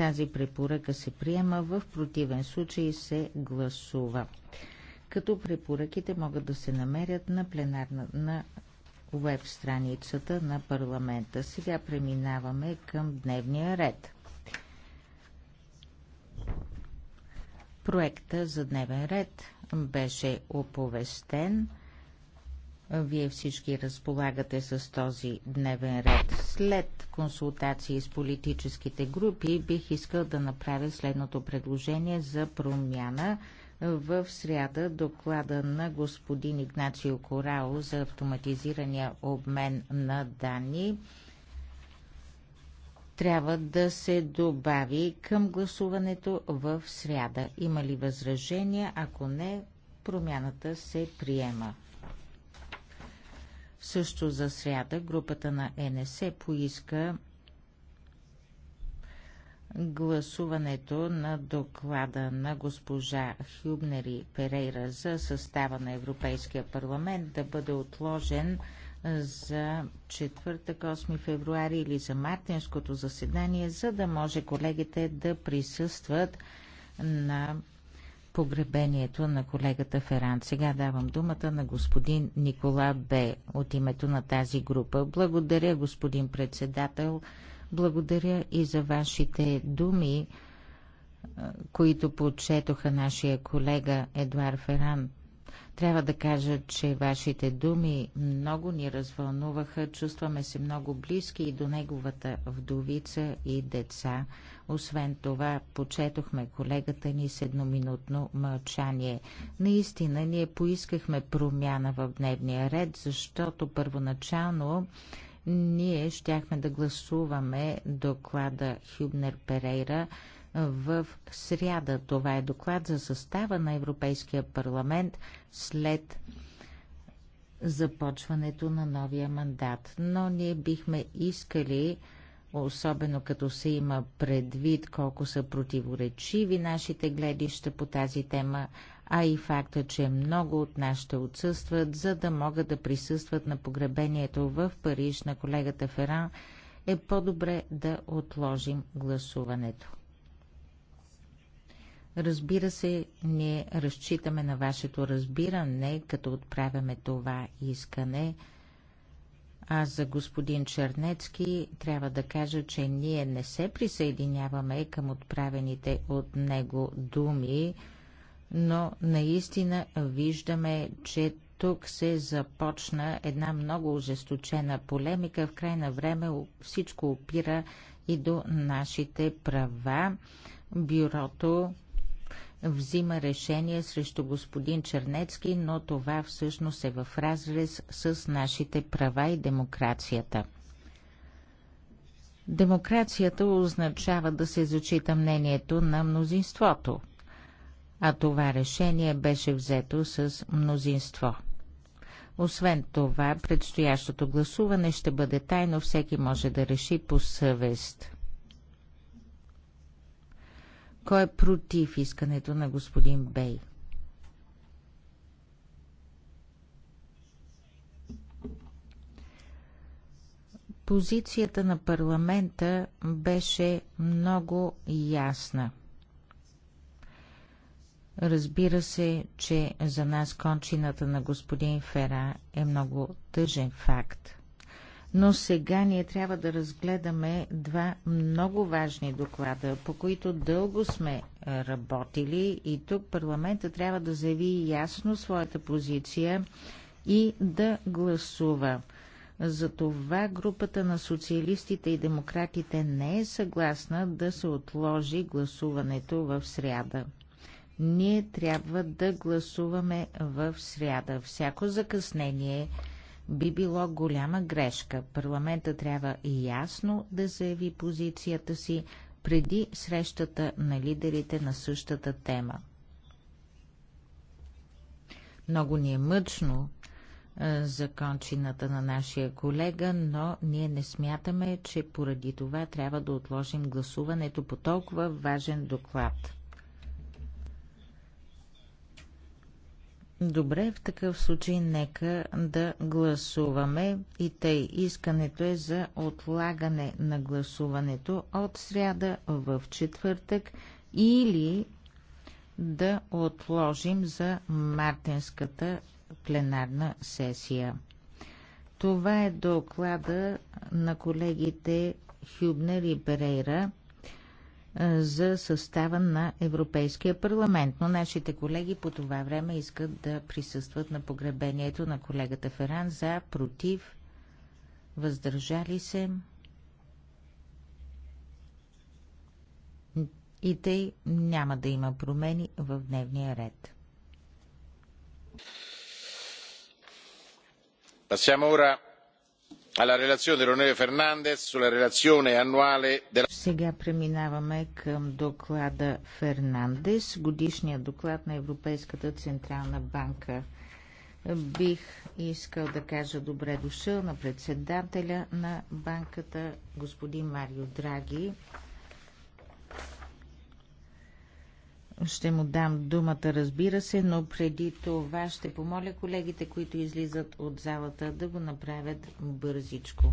Тази препоръка се приема, в противен случай се гласува. Като препоръките могат да се намерят на пленарна на веб страницата на парламента. Сега преминаваме към дневния ред. Проекта за дневен ред беше оповестен. Вие всички разполагате с този дневен ред. След консултации с политическите групи бих искал да направя следното предложение за промяна в сряда доклада на господин Игнацио Корао за автоматизирания обмен на данни трябва да се добави към гласуването в сряда. Има ли възражения? Ако не, промяната се приема. Също за сряда групата на НС поиска гласуването на доклада на госпожа Хюбнери Перейра за състава на Европейския парламент да бъде отложен за четвъртък 8 февруари или за мартинското заседание, за да може колегите да присъстват на погребението на колегата Феран. Сега давам думата на господин Никола Б. от името на тази група. Благодаря, господин председател. Благодаря и за вашите думи, които подчетоха нашия колега Едуар Феран. Трябва да кажа, че вашите думи много ни развълнуваха. Чувстваме се много близки и до неговата вдовица и деца. Освен това, почетохме колегата ни с едноминутно мълчание. Наистина, ние поискахме промяна в дневния ред, защото първоначално ние щяхме да гласуваме доклада Хюбнер Перейра в сряда. Това е доклад за състава на Европейския парламент след започването на новия мандат. Но ние бихме искали, особено като се има предвид колко са противоречиви нашите гледища по тази тема, а и факта, че много от нас ще отсъстват, за да могат да присъстват на погребението в Париж на колегата Феран, е по-добре да отложим гласуването. Разбира се, ние разчитаме на вашето разбиране, като отправяме това искане. А за господин Чернецки трябва да кажа, че ние не се присъединяваме към отправените от него думи, но наистина виждаме, че тук се започна една много ожесточена полемика. В крайна време всичко опира и до нашите права. Бюрото взима решение срещу господин Чернецки, но това всъщност е в разрез с нашите права и демокрацията. Демокрацията означава да се зачита мнението на мнозинството, а това решение беше взето с мнозинство. Освен това, предстоящото гласуване ще бъде тайно, всеки може да реши по съвест. Кой е против искането на господин Бей? Позицията на парламента беше много ясна. Разбира се, че за нас кончината на господин Фера е много тъжен факт. Но сега ние трябва да разгледаме два много важни доклада, по които дълго сме е, работили и тук парламента трябва да заяви ясно своята позиция и да гласува. Затова групата на социалистите и демократите не е съгласна да се отложи гласуването в сряда. Ние трябва да гласуваме в сряда. Всяко закъснение би било голяма грешка. Парламента трябва ясно да заяви позицията си преди срещата на лидерите на същата тема. Много ни е мъчно за кончината на нашия колега, но ние не смятаме, че поради това трябва да отложим гласуването по толкова важен доклад. Добре, в такъв случай нека да гласуваме и тъй искането е за отлагане на гласуването от сряда в четвъртък или да отложим за мартинската пленарна сесия. Това е доклада на колегите Хюбнер и Берейра е, за състава на Европейския парламент, но нашите колеги по това време искат да присъстват на погребението на колегата Феран за, против, въздържали се и тъй няма да има промени в дневния ред. Passiamo ora alla relazione dell'onorevole sulla relazione annuale della... Сега преминаваме към доклада Фернандес, годишния доклад на Европейската Централна банка. Бих искал да кажа добре дошъл на председателя на банката, господин Марио Драги. Ще му дам думата, разбира се, но преди това ще помоля колегите, които излизат от залата, да го направят бързичко.